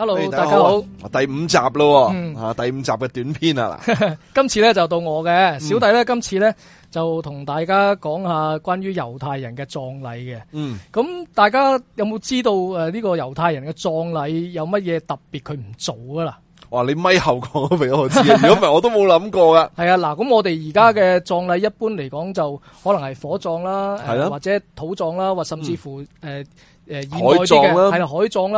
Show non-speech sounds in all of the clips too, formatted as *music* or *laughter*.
hello，hey，大家好，第五集咯。啊、嗯，第五集嘅短篇啊、 *laughs* 嗯，今次咧就到我嘅小弟咧，今次咧就同大家講下關於猶太人嘅葬禮嘅，嗯，咁大家有冇知道誒？呢個猶太人嘅葬禮有乜嘢特別佢唔做噶啦？哇，你咪後講俾我知，如果唔係我都冇諗過噶。係啊，嗱，咁我哋而家嘅葬禮一般嚟講就可能係火葬啦，係、嗯、或者土葬啦，或甚至乎誒。嗯誒，現代海葬啦、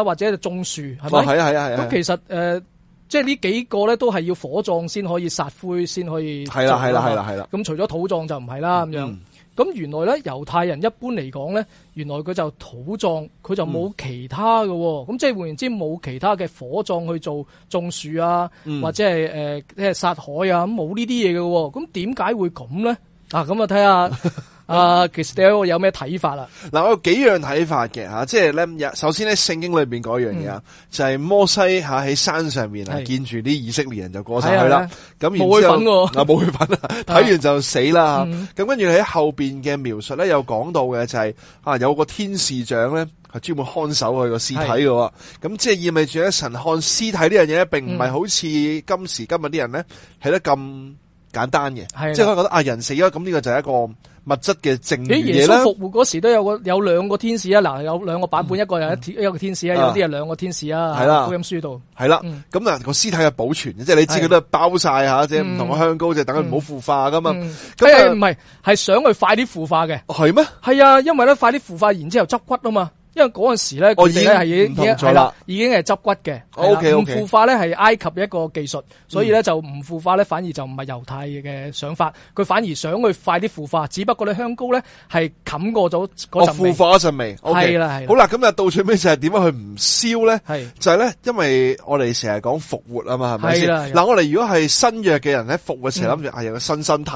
啊，或者種樹，係咪？係啊係啊係啊。咁其實誒、呃，即係呢幾個咧，都係要火葬先可以撒灰，先可以。係啦係啦係啦係啦。咁除咗土葬就唔係啦咁樣。咁、嗯、原來咧，猶太人一般嚟講咧，原來佢就土葬，佢就冇其他嘅、哦。咁、嗯、即係換言之，冇其他嘅火葬去做種樹啊、嗯，或者係誒、呃、即係撒海啊，咁冇、哦、呢啲嘢嘅。咁點解會咁咧？啊，咁啊睇下。 *laughs* Uh, 其實你啊其 r 有咩睇法嗱，我有幾樣睇法嘅吓、啊，即係咧，首先咧，聖經裏邊嗰樣嘢、嗯就是、啊，就係摩西吓喺山上面啊，見住啲以色列人就過上、啊、去啦、啊。咁冇之後冇血粉，睇、啊、完就死啦。咁、嗯啊、跟住喺後邊嘅描述咧，有講到嘅就係、是、啊，有個天使長咧，係專門看守佢個屍體喎。咁、啊、即係意味住咧，神看屍體呢樣嘢咧，並唔係好似今時今日啲人咧，係得咁簡單嘅。即係佢覺得啊，人死咗，咁呢個就係一個。物質嘅正嘢咧，耶穌復活嗰時都有個有兩個天使啊，嗱有兩個版本，嗯、一個係一天使、嗯、有一一個，個天使啊，有啲係兩個天使啊，福音書度係啦，咁嗱個屍體嘅保存，即係你知佢都係包晒下，即係唔同嘅香膏，就等佢唔好腐化噶嘛，咁係唔係係想去快啲腐化嘅，係咩？係啊，因為咧快啲腐化，然之後執骨啊嘛。因為嗰陣時咧，佢咧係已經係啦，已經係執骨嘅。O K O K。唔腐化咧係埃及一個技術，所以咧就唔腐化咧，反而就唔係猶太嘅想法，佢反而想去快啲腐化。只不過咧香膏咧係冚過咗嗰陣味。哦，腐化嗰陣味。O K。係啦，係。好啦，咁啊到最尾就係點樣去唔燒咧？係就係咧，因為我哋成日講復活啊嘛，係咪先？嗱，我哋如果係新約嘅人咧，復活時諗住係有個新身體，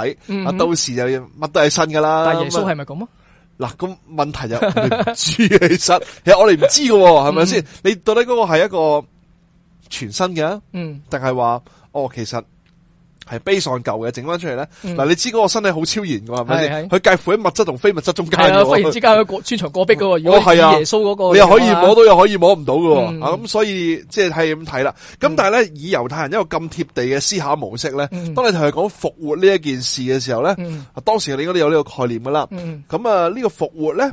啊，到時又要乜都係新噶啦。但係耶穌係咪咁啊？嗱，咁問題就唔知嘅，其 *laughs* 實其實我哋唔知㗎喎，係咪先？嗯、你到底嗰個係一個全新嘅？嗯，定係話哦，其實。係悲喪舊嘅，整翻出嚟咧。嗱、嗯，你知嗰個身體好超然噶嘛？係咪佢介乎喺物質同非物質中間、啊。忽然之間佢穿牆過壁噶喎。如果係耶穌嗰個的、哦啊，你又可以摸到，又可以摸唔到噶喎。咁、嗯、所以即係係咁睇啦。咁但係咧，以猶太人一個咁貼地嘅思考模式咧、嗯，當你同佢講復活呢一件事嘅時候咧、嗯，當時你應該都有呢個概念噶啦。咁、嗯、啊，這個復呢個復活咧。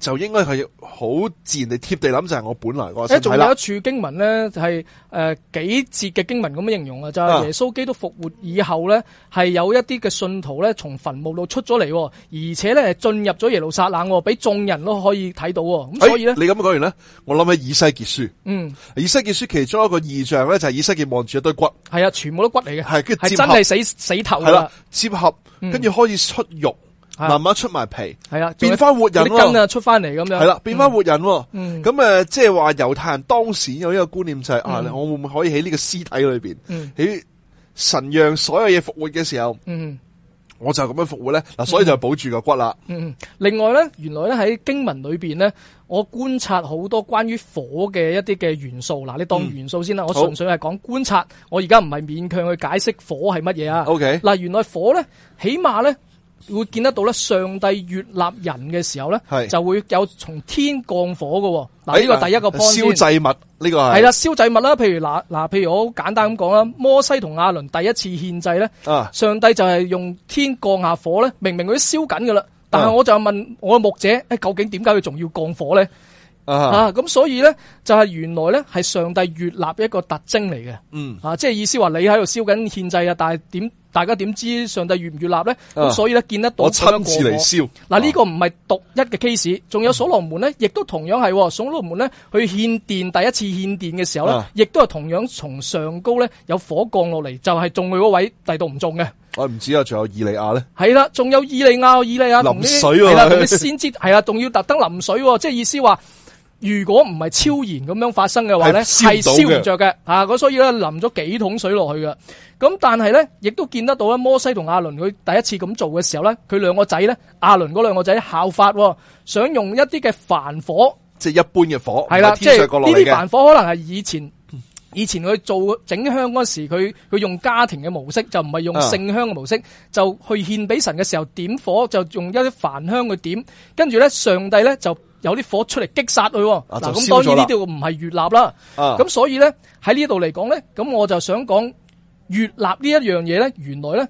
就應該係好自然地貼地諗，就係、是、我本來嗰個。誒，仲有一處經文咧，係誒、呃、幾節嘅經文咁樣形容啊，就係、是、耶穌基督復活以後咧，係有一啲嘅信徒咧，從墳墓度出咗嚟，而且咧係進入咗耶路撒冷，俾眾人都可以睇到。咁所以咧、欸，你咁樣講完咧，我諗起以西結書，嗯，以西結書其中一個異象咧，就係、是、以西結望住一堆骨，係啊，全部都骨嚟嘅，係係真係死死頭，係啦，接合跟住、啊、開始出肉。嗯。慢慢出埋皮，係啊，變翻活人咯，根啊出翻嚟，咁樣，係啦，變翻活人。咁誒，即係話猶太人當時有呢個觀念就係、是嗯、啊，我會唔會可以喺呢個屍體裏邊，喺、嗯、神讓所有嘢復活嘅時候，嗯、我就咁樣復活咧？嗱，所以就保住個骨啦、嗯嗯。另外咧，原來咧喺經文裏邊咧，我觀察好多關於火嘅一啲嘅元素。嗱，你當元素先啦、嗯，我純粹係講觀察。我而家唔係勉強去解釋火係乜嘢啊。嗱、嗯，okay, 原來火咧，起碼咧。會見得到咧，上帝越立人嘅時候咧，就會有從天降火嘅喎。喺呢個第一個方，燒祭物呢、這個係係啦，燒祭物啦，譬如嗱嗱，譬如我簡單咁講啦，摩西同亞倫第一次獻祭咧，上帝就係用天降下火咧，明明佢燒緊噶啦，但係我就問我個牧者，誒，究竟點解佢仲要降火咧？Uh -huh. 啊，咁所以咧就係、是、原來咧係上帝越立一個特徵嚟嘅，嗯、uh -huh.，啊，即係意思話你喺度燒緊獻祭啊，但係點大家點知上帝越唔越立咧？咁、uh -huh. 啊、所以咧見得到我親自嚟燒。嗱、uh、呢 -huh. 個唔係獨一嘅 case，仲有所羅門呢，亦都同樣係，所羅門呢，去獻殿第一次獻殿嘅時候咧，uh -huh. 亦都係同樣從上高咧有火降落嚟，就係、是、中佢嗰位，第度唔中嘅。我唔知啊，仲有以利亞咧。係啦，仲有以利亞，以利亞淋水喎、啊，係啦，先知係啊，仲 *laughs* 要特登淋水，即係意思話。如果唔係超然咁樣發生嘅話咧，係燒唔着嘅吓，咁所以咧淋咗幾桶水落去㗎。咁但係咧，亦都見得到咧，摩西同阿倫佢第一次咁做嘅時候咧，佢兩個仔咧，阿倫嗰兩個仔效法，想用一啲嘅凡火，即係一般嘅火，係啦，即係呢啲凡火可能係以前以前佢做整香嗰時，佢佢用家庭嘅模式，就唔係用聖香嘅模式，嗯、就去獻俾神嘅時候點火，就用一啲凡香去點，跟住咧上帝咧就。有啲火出嚟擊殺佢。嗱，咁當然呢啲唔係越立啦，咁所以咧喺呢度嚟講咧，咁我就想講越立呢一樣嘢咧，原來咧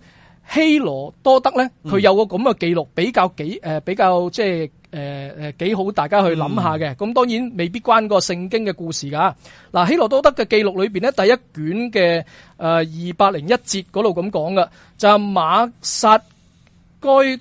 希羅多德咧佢有個咁嘅記錄，比較幾誒比較即係誒誒幾好，大家去諗下嘅。咁當然未必關個聖經嘅故事噶。嗱，希羅多德嘅記錄裏邊咧，第一卷嘅誒二百零一節嗰度咁講噶，就係馬薩該。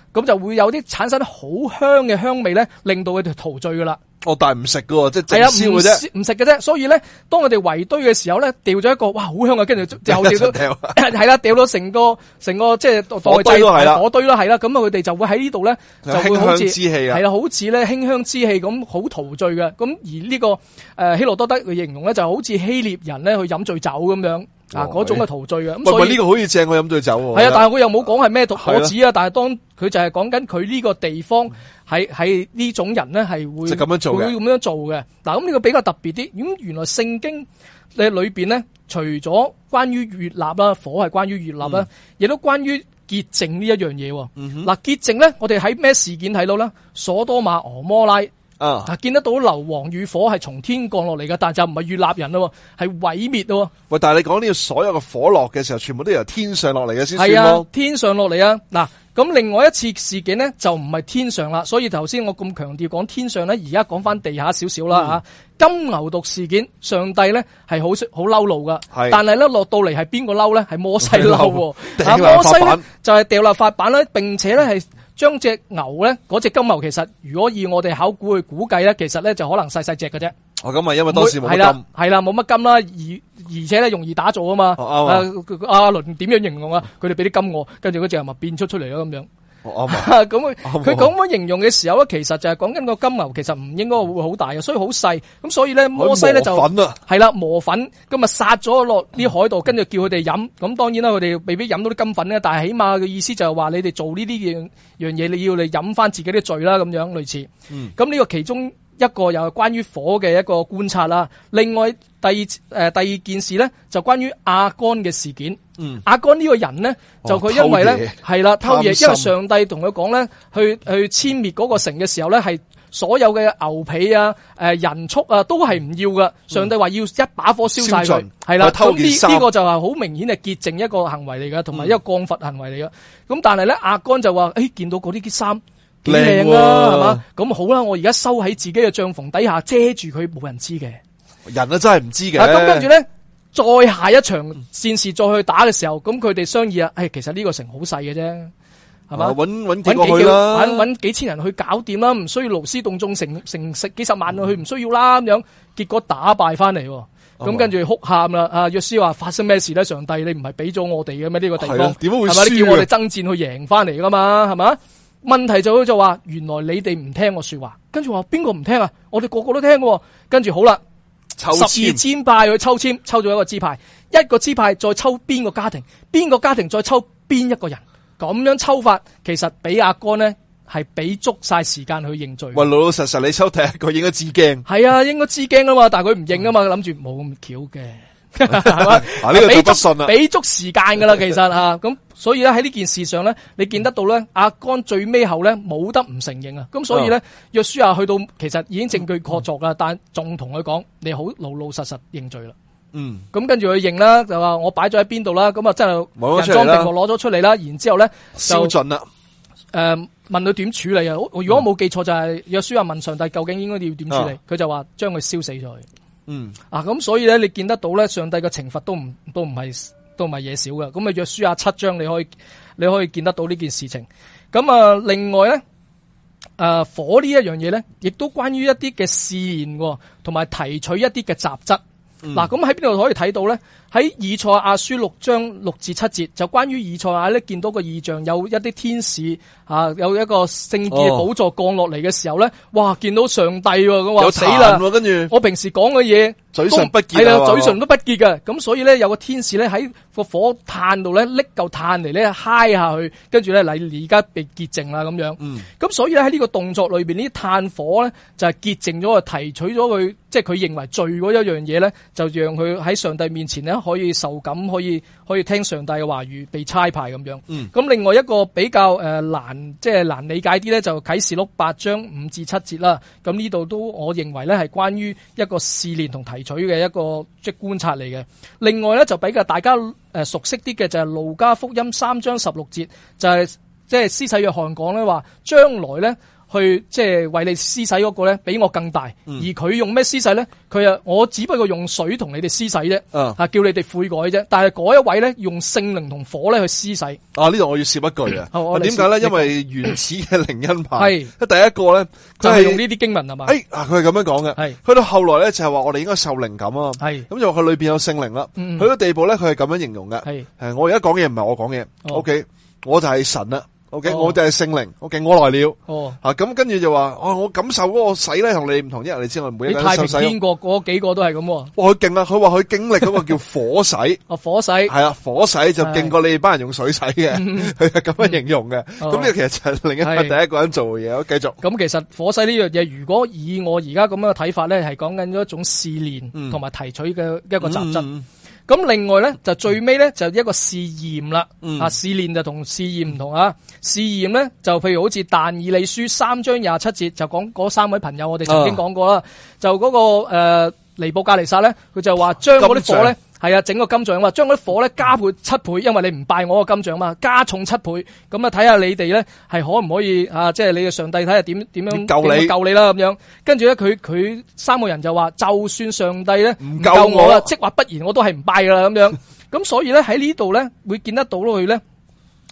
咁就會有啲產生好香嘅香味咧，令到佢哋陶醉噶啦。哦，但係唔食噶，即係靜燒嘅啫，唔食嘅啫。所以咧，當佢哋圍堆嘅時候咧，掉咗一個，哇，好香啊！跟住又掉咗，係啦，掉咗成個成個即係當當係火堆啦，係啦。咁啊，佢哋就會喺呢度咧，就會好似係啦，好似咧，馨香之氣咁好陶醉嘅。咁而呢個誒，希羅多德嘅形容咧，就好似希臘人咧去飲醉酒咁樣。嗰、啊、種嘅陶醉，這個，醉陶啊，咁所以呢個可以正我飲醉酒喎。係啊，但係佢又冇講係咩火子啊，但係當佢就係講緊佢呢個地方係係呢種人咧，係會係咁樣做嘅，會咁樣做嘅。嗱、啊，咁呢個比較特別啲。咁原來聖經裏裏邊咧，除咗關於月立啦，火係關於月立啦，亦、嗯、都關於潔淨呢一樣嘢。喎。嗱，潔淨咧，我哋喺咩事件睇到咧？索多瑪俄摩拉。啊！見得到硫磺與火係從天降落嚟嘅，但係就唔係越立人咯，係毀滅咯。喂，但係你講呢個所有嘅火落嘅時候，全部都由天上落嚟嘅先算咯。係啊，天上落嚟啊！嗱，咁另外一次事件呢，就唔係天上啦，所以頭先我咁強調講天上咧，而家講翻地下少少啦吓。金牛犢事件，上帝呢係好出好嬲怒噶，但係咧落到嚟係邊個嬲咧？係摩西嬲，啊摩西就係掉落法版咧，並且咧係。是將隻牛咧，嗰隻金牛其實，如果以我哋考古去估計咧，其實咧就可能細細隻嘅啫。哦，咁啊，因為當時冇金，係啦，係啦，冇乜金啦，而而且咧容易打造、哦、啊嘛。阿阿倫點樣形容啊？佢哋俾啲金我，跟住嗰隻咪變出出嚟咯咁樣。咁佢，佢咁樣形容嘅時候咧，其實就係講緊個金牛，其實唔應該會好大嘅，所以好細。咁所以咧，摩西咧就係啦磨粉，咁啊殺咗落啲海度，跟住叫佢哋飲。咁當然啦，佢哋未必飲到啲金粉咧，但係起碼嘅意思就係話你哋做呢啲樣樣嘢，你要你飲返自己啲罪啦，咁樣類似。嗯，咁呢個其中一個又係關於火嘅一個觀察啦、啊，另外第二誒、呃、第二件事咧就關於亞干嘅事件。嗯，亞干呢個人呢，就佢因為咧係啦偷嘢，因為上帝同佢講咧，去去殲滅嗰個城嘅時候咧係所有嘅牛皮啊、誒、呃、人畜啊都係唔要噶、嗯，上帝話要一把火燒晒佢，係啦。是偷呢個就係好明顯係潔淨一個行為嚟噶，同埋一個降罰行為嚟噶。咁、嗯、但係咧亞干就話，誒、哎、見到嗰啲啲衫。靚啊，係嘛、啊？咁好啦，我而家收喺自己嘅帳篷底下遮住佢，冇人知嘅。人啊，真係唔知嘅。咁跟住咧，再下一場戰事再去打嘅時候，咁佢哋商議啊，誒、哎，其實呢個城好細嘅啫，係嘛？搵、啊、搵幾，幾、啊、幾千人去搞掂啦，唔需要勞師動眾，成成十幾十萬去，唔需要啦。咁、嗯、樣結果打敗翻嚟，咁跟住哭喊啦。啊，約書亞，發生咩事咧？上帝，你唔係俾咗我哋嘅咩？呢、這個地方點解、啊、會係咪你叫我哋爭戰去贏翻嚟噶嘛？係咪？」問題就就話，原來你哋唔聽我說話。跟住話邊個唔聽啊？我哋個個都聽嘅。跟住好啦，抽十二支派去抽簽，抽咗一個支派，一個支派再抽邊個家庭，邊個家庭再抽邊一個人，咁樣抽法，其實俾阿哥呢係俾足晒時間去認罪。喂，老老實實你抽第一個應該知驚，係啊，應該知驚啊嘛，但係佢唔認啊嘛，佢諗住冇咁巧嘅。係 *laughs* 嘛、 *laughs* 啊？俾不俾足時間噶啦，其實吓咁、 *laughs* 啊，所以咧喺呢件事上咧，你見得到咧，阿干最尾後咧冇得唔承認啊！咁所以咧，約書亞去到其實已經證據確鑿噶，但仲同佢講，你好老老實實認罪啦。嗯，咁、嗯、跟住佢認啦，就話我擺咗喺邊度啦，咁啊真係人贓並獲攞咗出嚟啦，然之後咧燒盡啦。誒、呃，問佢點處理啊？如果冇記錯就係約書亞問上帝究竟應該要點處理，佢、嗯啊、就話將佢燒死咗佢。嗯，啊，咁所以咧，你見得到咧，上帝嘅懲罰都唔都唔係都唔係嘢少㗎。咁啊，約書亞七章你可以你可以見得到呢件事情。咁啊，另外咧，誒、啊，火這一件事呢一樣嘢咧，亦都關於一啲嘅試驗，同埋提取一啲嘅雜質。嗱、嗯，咁喺邊度可以睇到咧？喺以賽亞書六章六至七節，就關於以賽亞咧見到個異象，有一啲天使啊，有一個聖潔寶座降落嚟嘅時候咧，哇！見到上帝咁、啊、話，又、啊、死啦，跟住我平時講嘅嘢，嘴唇不潔係啊啦，嘴唇都不潔嘅，咁、啊、所以咧有個天使咧喺個火炭度咧搦嚿炭嚟咧揩下去，跟住咧嚟而家被潔淨啦咁樣，咁、嗯、所以咧喺呢個動作裏邊，呢啲炭火咧就係潔淨咗，提取咗佢，即係佢認為罪嗰一樣嘢咧，就讓佢喺上帝面前咧。可以受感，可以可以聽上帝嘅話語，被差派咁樣。咁、嗯、另外一個比較誒、呃、難，即、就、係、是、難理解啲呢，就啟示錄八章五至七節啦。咁呢度都我認為呢係關於一個試煉同提取嘅一個即觀察嚟嘅。另外呢，就比較大家誒熟悉啲嘅就係路加福音三章十六節，就係即係施洗約翰講呢話將來呢……」去即係為你施洗嗰個咧，比我更大，嗯、而佢用咩施洗咧？佢啊，我只不過用水同你哋施洗啫，吓、嗯、叫你哋悔改啫。但係嗰一位咧，用聖靈同火咧去施洗。啊，呢度我要說一句啊，點解咧？因為原始嘅靈恩派，係第一個咧，就係、是、用呢啲經文係嘛。哎，佢係咁樣講嘅。係去到後來咧，就係話我哋應該受靈感啊。係咁就話佢裏邊有聖靈啦。去、嗯、到、嗯、地步咧，佢係咁樣形容嘅。係誒、呃，我而家講嘢唔係我講嘢、哦、，OK，我就係神啦。O、okay, K，、哦、我就係聖靈，我、okay，勁我來了，吓、哦、咁、啊、跟住就話，哦、啊，我感受嗰個洗咧，你同因為你唔同一人嚟知我唔會太平天國嗰幾個都係咁，佢勁啊，佢話佢經歷嗰個叫火洗， *laughs* 哦、火洗，係啊，火洗就勁過你哋班人用水洗嘅，佢係咁樣形容嘅，咁呢個其實就係另一個第一個人做嘅嘢，我繼續。咁其實火洗呢樣嘢，如果以我而家咁樣嘅睇法咧，係講緊一種試煉，同、嗯、埋提取嘅一個雜質。嗯嗯嗯咁另外咧就最尾咧就一個試驗啦，啊試驗就試驗同試驗唔同啊，試驗咧就譬如好似但以理書三章廿七節就講嗰三位朋友，我哋曾經講過啦、啊，就嗰、那個誒、呃、尼布甲尼撒咧，佢就話將嗰啲火咧。係啊，整個金像嘛，將嗰啲火咧加倍七倍，因為你唔拜我個金像嘛，加重七倍，咁啊睇下你哋咧係可唔可以啊？即係你嘅上帝睇下點點樣救你救你啦咁樣。跟住咧，佢佢三個人就話，就算上帝咧唔救我啦，即話不然我都係唔拜噶啦咁樣。咁所以咧喺呢度咧會見得到佢咧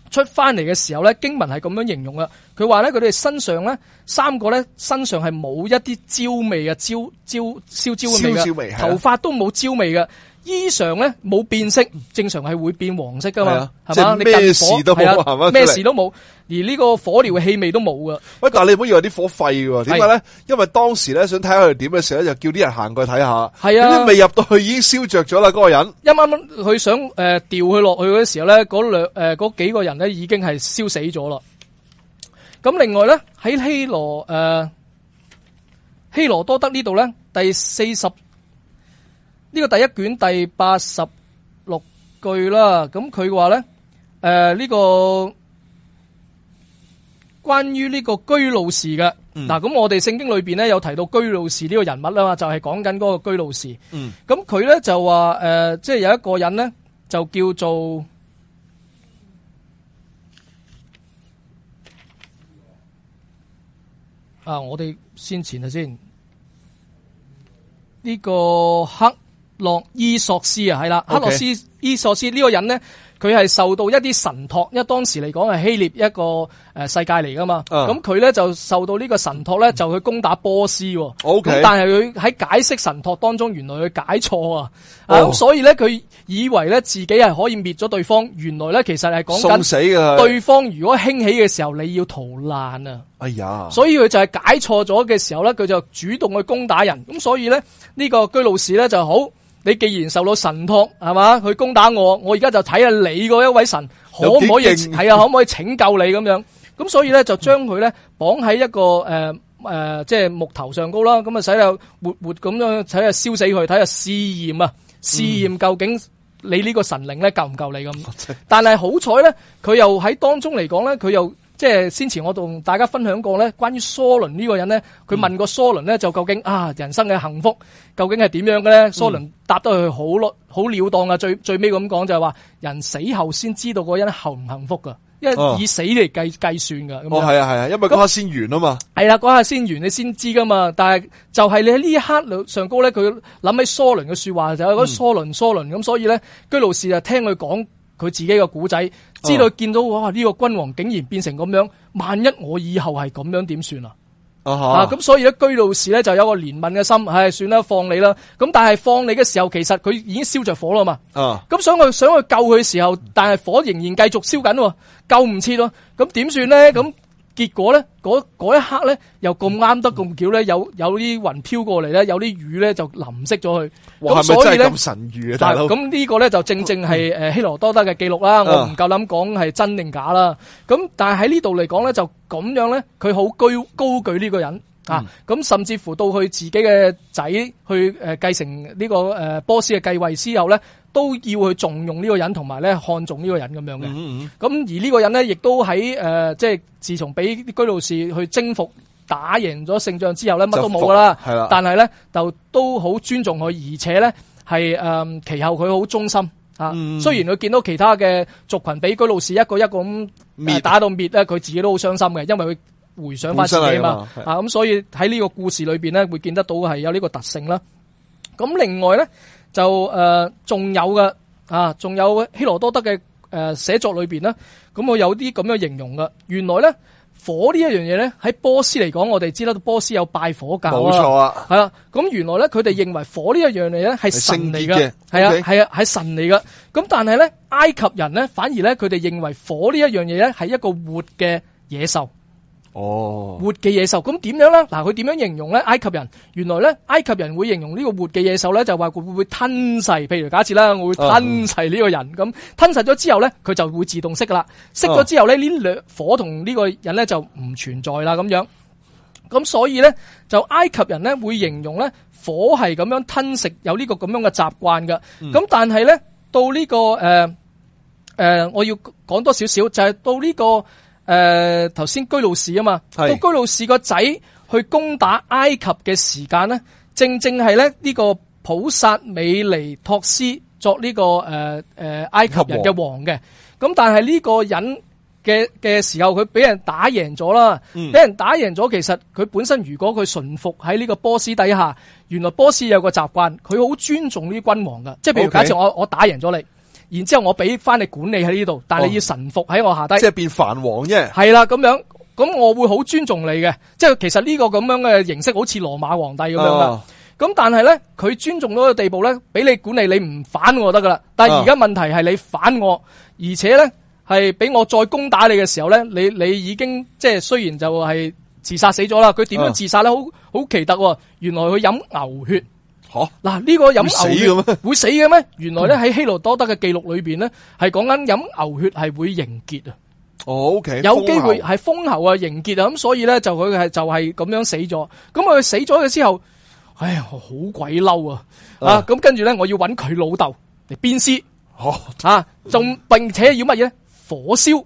出翻嚟嘅時候咧經文係咁樣形容噶。佢話咧佢哋身上咧三個咧身上係冇一啲焦味嘅焦焦燒焦嘅味嘅，頭髮都冇焦味嘅。衣裳咧冇變色，正常係會變黃色噶嘛，係嘛、啊？咩事都冇，係嘛、啊？咩事都冇、啊啊啊，而呢個火燎嘅氣味都冇噶。喂，嗱，你唔好以為啲火廢嘅，點解咧？因為當時咧想睇下佢點嘅時候就叫啲人行過去睇下。係啊，未入到去已經燒着咗啦，嗰、嗰個人。一蚊蚊，佢想誒吊佢落去嘅時候咧，嗰兩誒嗰幾個人咧已經係燒死咗啦。咁另外咧喺希羅誒、呃、希羅多德呢度咧第四十。呢、這個第一卷第八十六句啦，咁佢話咧，誒、呃、呢、這個關於呢個居路士嘅，嗱、嗯、咁我哋聖經裏邊咧有提到居路士呢個人物啦嘛，就係講緊嗰個居路士，咁佢咧就話，誒即係有一個人咧就叫做，啊我哋先前啊先，呢、這個黑。洛伊索斯啊，係啦，克洛斯、okay. 伊索斯呢個人呢，佢係受到一啲神託，因為當時嚟講係希臘一個誒世界嚟噶嘛，咁、uh. 佢呢，就受到呢個神託呢，就去攻打波斯。咁、okay. 但係佢喺解釋神託當中，原來佢解錯、oh. 啊，咁所以呢，佢以為呢自己係可以滅咗對方，原來呢，其實係講緊死對方如果興起嘅時候，你要逃難啊！哎呀，所以佢就係解錯咗嘅時候呢，佢就主動去攻打人。咁所以呢，呢、這個居魯士呢就好。你既然受到神託，係嘛，去攻打我，我而家就睇下你個一位神可唔可以，係啊可唔可以拯救你咁樣？咁所以咧就將佢咧綁喺一個誒誒，即係木頭上高啦，咁啊使到活活咁樣睇下燒死佢，睇下試驗啊試驗究竟你呢個神靈咧夠唔夠你咁？但係好彩咧，佢又喺當中嚟講咧，佢又。即係先前我同大家分享過咧，關於梭倫呢個人咧，佢問過梭倫咧就究竟啊人生嘅幸福究竟係點樣嘅咧？嗯、梭倫答得佢好咯，好了當噶。最最尾咁講就係話，人死後先知道嗰人幸唔幸福噶，因為以死嚟計計算噶。咁、哦、係、哦、啊係啊，因為刻先完啊嘛。係啦，嗰、啊、刻先完你先知噶嘛。但係就係你喺呢一刻上高咧，佢諗起梭倫嘅説話就係講梭倫梭倫咁，嗯、所以咧居魯士就聽佢講佢自己嘅古仔。知道見到哇呢個君王竟然變成咁樣，萬一我以後係咁樣點算啊？啊咁、啊，所以咧居魯士咧就有個憐憫嘅心，唉算啦放你啦。咁但係放你嘅時候，其實佢已經燒着火啦嘛。啊去，咁想去想去救佢嘅時候，但係火仍然繼續燒緊，救唔切咯。咁點算咧？咁、嗯。結果咧，嗰嗰一刻咧，又咁啱得咁巧咧、嗯嗯，有有啲雲飄過嚟咧，有啲雨咧就淋熄咗佢。哇、嗯！係咪真係咁神遇啊？大佬？咁呢個咧就正正係誒希羅多德嘅記錄啦。嗯、我唔夠膽講係真定假啦。咁、啊、但係喺呢度嚟講咧，就咁樣咧，佢好高高舉呢個人。啊！咁甚至乎到佢自己嘅仔去誒、呃、繼承呢、呢個、呃、波斯嘅繼位之後咧，都要去重用呢個人同埋咧看重呢個人咁樣嘅。咁、嗯嗯、而呢個人呢，亦都喺誒、呃、即係自從俾居魯士去征服打贏咗勝仗之後咧，乜都冇噶啦。係啦。但係咧，就都好尊重佢，而且咧係誒其後佢好忠心啊、嗯。雖然佢見到其他嘅族群俾居魯士一個一個咁、呃、打到滅咧，佢自己都好傷心嘅，因為佢。回想翻自己嘛，啊咁，所以喺呢個故事裏邊咧，會見得到係有呢個特性啦。咁另外咧，就誒仲有嘅啊，仲有希羅多德嘅誒寫作裏邊咧，咁我有啲咁嘅形容噶。原來咧火呢一樣嘢咧，喺波斯嚟講，我哋知啦，波斯有拜火教，冇錯啊，係啊。咁原來咧，佢哋認為火呢一樣嘢咧係神嚟嘅，係啊係啊係神嚟噶。咁但係咧，埃及人咧反而咧，佢哋認為火呢一樣嘢咧係一個活嘅野獸。哦、oh.，活嘅野獸咁點樣咧？嗱，佢點樣形容咧？埃及人原來咧，埃及人會形容呢個活嘅野獸咧，就話會唔會吞噬。譬如假設啦，我會吞噬呢個人，咁、oh. 吞噬咗之後咧，佢就會自動熄噶啦。熄咗之後咧，呢、oh. 兩火同呢個人咧就唔存在啦。咁樣，咁所以咧，就埃及人咧會形容咧火係咁樣吞食，有這個這、mm. 呢、這個咁樣嘅習慣噶。咁但係咧到呢個誒誒，我要講多少少就係、是、到呢、這個。誒、呃，頭先居魯士啊嘛，個居魯士個仔去攻打埃及嘅時間呢，正正係咧呢個普薩美尼托斯作呢、這個誒誒、呃呃、埃及人嘅王嘅。咁但係呢個人嘅嘅時候，佢俾人打贏咗啦，俾、嗯、人打贏咗。其實佢本身如果佢順服喺呢個波斯底下，原來波斯有個習慣，佢好尊重呢啲君王㗎，即係譬如假設我、okay. 我，我打贏咗你。然之後我俾翻你管理喺呢度，但係你要臣服喺我下低、哦。即係變藩王啫。係啦，咁樣咁我會好尊重你嘅，即係其實呢個咁樣嘅形式好似羅馬皇帝咁樣啦。咁、哦、但係咧，佢尊重到嘅地步咧，俾你管理你唔反我得噶啦。但係而家問題係你反我，哦、而且咧係俾我再攻打你嘅時候咧，你你已經即係雖然就係自殺死咗啦。佢點樣自殺咧？好、哦、好奇特喎！原來佢飲牛血。吓，嗱呢個飲牛血會死嘅咩？原來咧喺希羅多德嘅記錄裏邊咧，係講緊飲牛血係會凝結啊！哦，OK，有機會係封喉啊，凝結啊，咁所以咧就佢係就係咁樣死咗。咁佢死咗嘅之後，哎呀，好鬼嬲啊！啊，咁跟住咧，我要揾佢老豆嚟鞭屍，啊，仲並且要乜嘢咧？火燒。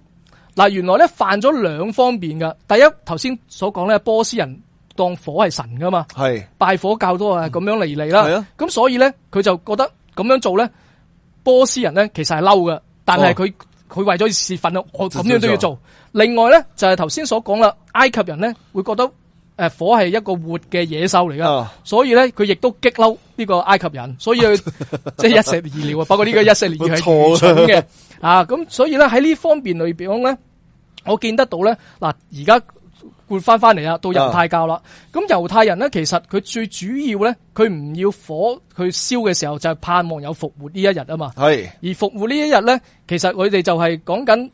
嗱，原來咧犯咗兩方面㗎。第一，頭先所講咧，波斯人。當火係神噶嘛，係拜火教都、嗯、啊，咁樣嚟嚟啦，咁所以咧佢就覺得咁樣做咧，波斯人咧其實係嬲噶，但係佢佢為咗洩憤咯，我咁樣都要做。就是、另外咧就係頭先所講啦，埃及人咧會覺得誒、呃、火係一個活嘅野獸嚟噶，所以咧佢亦都激嬲呢個埃及人，所以 *laughs* 即係一石二鳥啊。不過呢個一石二鳥係愚蠢嘅啊，咁所以咧喺呢在這方面裏邊咧，我見得到咧嗱而家。活翻翻嚟啦到猶太教啦，咁、oh. 猶太人呢，其實佢最主要呢，佢唔要火去燒嘅時候，就係、是、盼望有復活呢一日啊嘛。係、hey. 而復活呢一日呢，其實佢哋就係講緊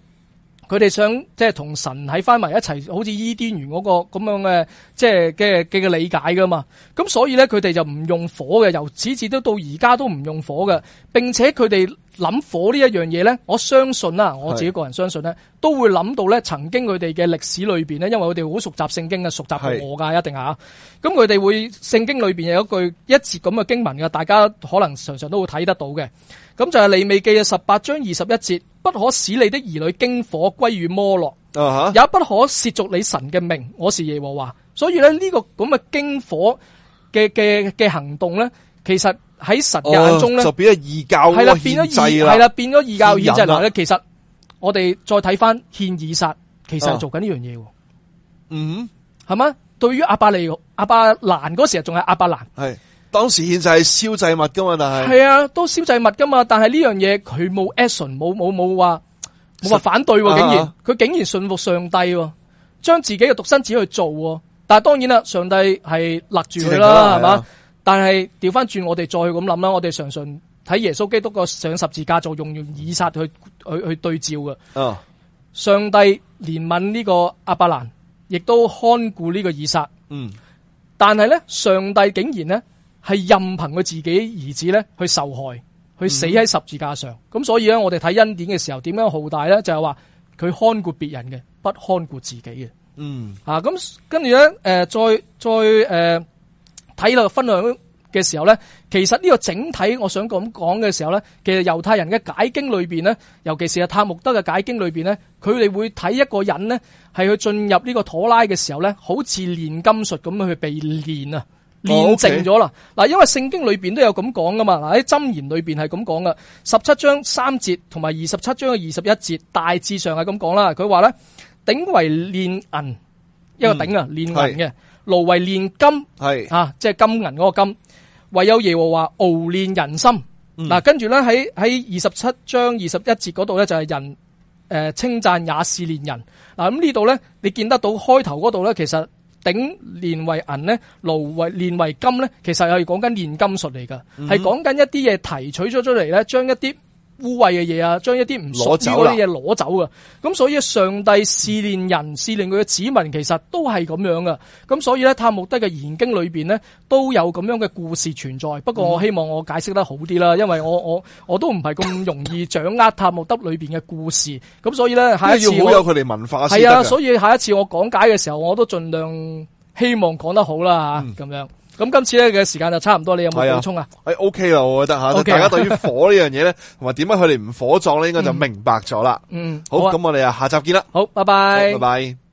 佢哋想即係同神喺返埋一齊，好似伊甸園嗰個咁樣嘅即係嘅嘅理解㗎嘛。咁所以呢，佢哋就唔用火嘅，由始至到都到而家都唔用火嘅。並且佢哋。諗火呢一樣嘢呢，我相信啦，我自己個人相信呢，都會諗到呢。曾經佢哋嘅歷史裏邊呢，因為佢哋好熟習聖經嘅，熟習我㗎一定吓。咁佢哋會聖經裏邊有一句一節咁嘅經文噶，大家可能常常都會睇得到嘅。咁就係、是、利未記嘅十八章二十一節，uh -huh? 不可使你的兒女經火歸於摩洛，也不可褻瀆你神嘅名，我是耶和華。所以呢，呢、這個咁嘅經火嘅嘅嘅行動呢，其實。喺神眼中咧、哦，就變咗異教了，係啦，變咗異教，係啦，變咗異教，而就係嗱咧。其實我哋再睇翻獻以撒，其實係做緊呢樣嘢。嗯，係咪？對於阿伯利、阿伯蘭嗰時，仲係阿伯蘭。係當時獻祭係燒祭物噶嘛？但係係啊，都燒祭物噶嘛？但係呢樣嘢佢冇 action，冇冇冇話冇話反對的，竟然佢、啊啊、竟然信服上帝，將自己嘅獨生子去做。但係當然啦，上帝係勒住佢啦，係嘛？是但係調翻轉，我哋再去咁諗啦。我哋常常睇耶穌基督個上十字架就用以撒去去去對照嘅，哦。上帝憐憫呢個亞伯蘭，亦都看顧呢個以撒。嗯，但係咧，上帝竟然咧係任憑佢自己兒子咧去受害，去死喺十字架上。咁，嗯，所以咧，我哋睇恩典嘅時候，點樣浩大咧？就係話佢看顧別人嘅，不看顧自己嘅。嗯，吓，啊，咁跟住咧，誒，呃，再再誒。呃睇啦，分享嘅時候呢，其實呢個整體，我想咁講嘅時候呢，其實猶太人嘅解經裏邊呢，尤其是阿塔木德嘅解經裏邊呢，佢哋會睇一個人呢，係去進入呢個妥拉嘅時候呢，好似煉金術咁去被煉啊，煉淨咗啦。嗱、哦 okay，因為聖經裏邊都有咁講噶嘛，嗱，喺箴言裏邊係咁講噶，十七章三節同埋二十七章嘅二十一節，大致上係咁講啦。佢話呢，鼎為煉銀，一個鼎啊，煉銀嘅。爐為煉金，係吓、啊、即係金銀嗰個金，唯有耶和華熬煉人心。嗱、嗯，跟住咧喺喺二十七章二十一節嗰度咧就係人誒稱讚也試煉人。嗱、呃、咁、啊嗯、呢度咧，你見得到開頭嗰度咧，其實鼎煉為銀咧，爐為煉為金咧，其實係講緊煉金術嚟噶，係講緊一啲嘢提取咗出嚟咧，將一啲污穢嘅嘢啊，將一啲唔屬嗰啲嘢攞走嘅，咁所以上帝試煉人，試煉佢嘅指紋，其實都係咁樣嘅。咁所以咧，塔木德嘅研經裏邊呢，都有咁樣嘅故事存在。不過我希望我解釋得好啲啦，因為我我我都唔係咁容易掌握塔木德裏邊嘅故事。咁所以咧，下一次要好有佢哋文化係啊，所以下一次我講解嘅時候，我都盡量希望講得好啦吓，咁、嗯、樣。咁今次咧嘅時間就差唔多，你有冇補充啊？係、哎、OK 啦，我覺得、okay、大家對於火呢樣嘢咧，同埋點解佢哋唔火葬咧，應該就明白咗啦、嗯。嗯，好，咁我哋啊，下集見啦。好，拜拜，拜拜。Bye bye